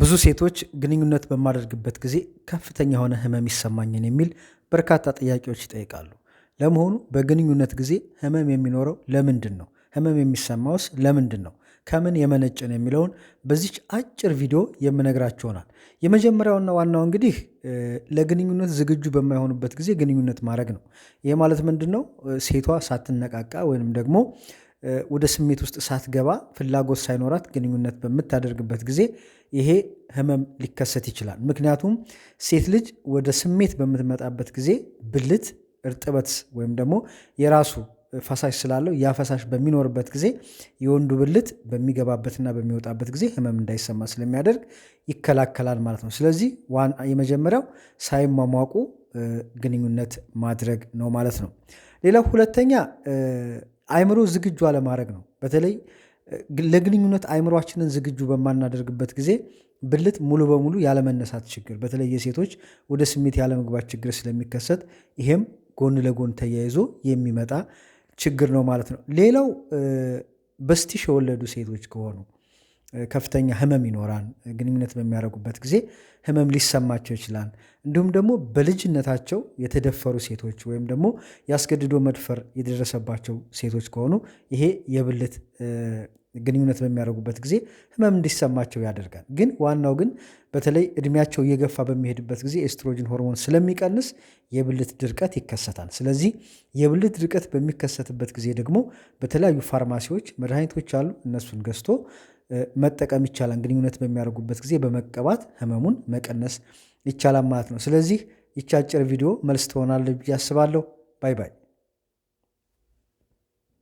ብዙ ሴቶች ግንኙነት በማደርግበት ጊዜ ከፍተኛ የሆነ ህመም ይሰማኝን የሚል በርካታ ጥያቄዎች ይጠይቃሉ። ለመሆኑ በግንኙነት ጊዜ ህመም የሚኖረው ለምንድን ነው? ህመም የሚሰማውስ ለምንድን ነው? ከምን የመነጨ ነው የሚለውን በዚች አጭር ቪዲዮ የምነግራችሁ ይሆናል። የመጀመሪያውና ዋናው እንግዲህ ለግንኙነት ዝግጁ በማይሆኑበት ጊዜ ግንኙነት ማድረግ ነው። ይህ ማለት ምንድን ነው? ሴቷ ሳትነቃቃ ወይንም ደግሞ ወደ ስሜት ውስጥ ሳትገባ ፍላጎት ሳይኖራት ግንኙነት በምታደርግበት ጊዜ ይሄ ህመም ሊከሰት ይችላል። ምክንያቱም ሴት ልጅ ወደ ስሜት በምትመጣበት ጊዜ ብልት፣ እርጥበት ወይም ደግሞ የራሱ ፈሳሽ ስላለው ያ ፈሳሽ በሚኖርበት ጊዜ የወንዱ ብልት በሚገባበትና በሚወጣበት ጊዜ ህመም እንዳይሰማ ስለሚያደርግ ይከላከላል ማለት ነው። ስለዚህ የመጀመሪያው ሳይሟሟቁ ግንኙነት ማድረግ ነው ማለት ነው። ሌላው ሁለተኛ አይምሮ ዝግጁ አለማድረግ ነው። በተለይ ለግንኙነት አይምሯችንን ዝግጁ በማናደርግበት ጊዜ ብልት ሙሉ በሙሉ ያለመነሳት ችግር፣ በተለይ የሴቶች ወደ ስሜት ያለመግባት ችግር ስለሚከሰት ይሄም ጎን ለጎን ተያይዞ የሚመጣ ችግር ነው ማለት ነው። ሌላው በስቲሽ የወለዱ ሴቶች ከሆኑ ከፍተኛ ህመም ይኖራል። ግንኙነት በሚያደርጉበት ጊዜ ህመም ሊሰማቸው ይችላል። እንዲሁም ደግሞ በልጅነታቸው የተደፈሩ ሴቶች ወይም ደግሞ ያስገድዶ መድፈር የደረሰባቸው ሴቶች ከሆኑ ይሄ የብልት ግንኙነት በሚያደርጉበት ጊዜ ህመም እንዲሰማቸው ያደርጋል። ግን ዋናው ግን በተለይ እድሜያቸው እየገፋ በሚሄድበት ጊዜ ኤስትሮጅን ሆርሞን ስለሚቀንስ የብልት ድርቀት ይከሰታል። ስለዚህ የብልት ድርቀት በሚከሰትበት ጊዜ ደግሞ በተለያዩ ፋርማሲዎች መድኃኒቶች አሉ። እነሱን ገዝቶ መጠቀም ይቻላል። ግንኙነት በሚያደርጉበት ጊዜ በመቀባት ህመሙን መቀነስ ይቻላል ማለት ነው። ስለዚህ ይቻጭር አጭር ቪዲዮ መልስ ትሆናለ ብዬ አስባለሁ። ባይ ባይ።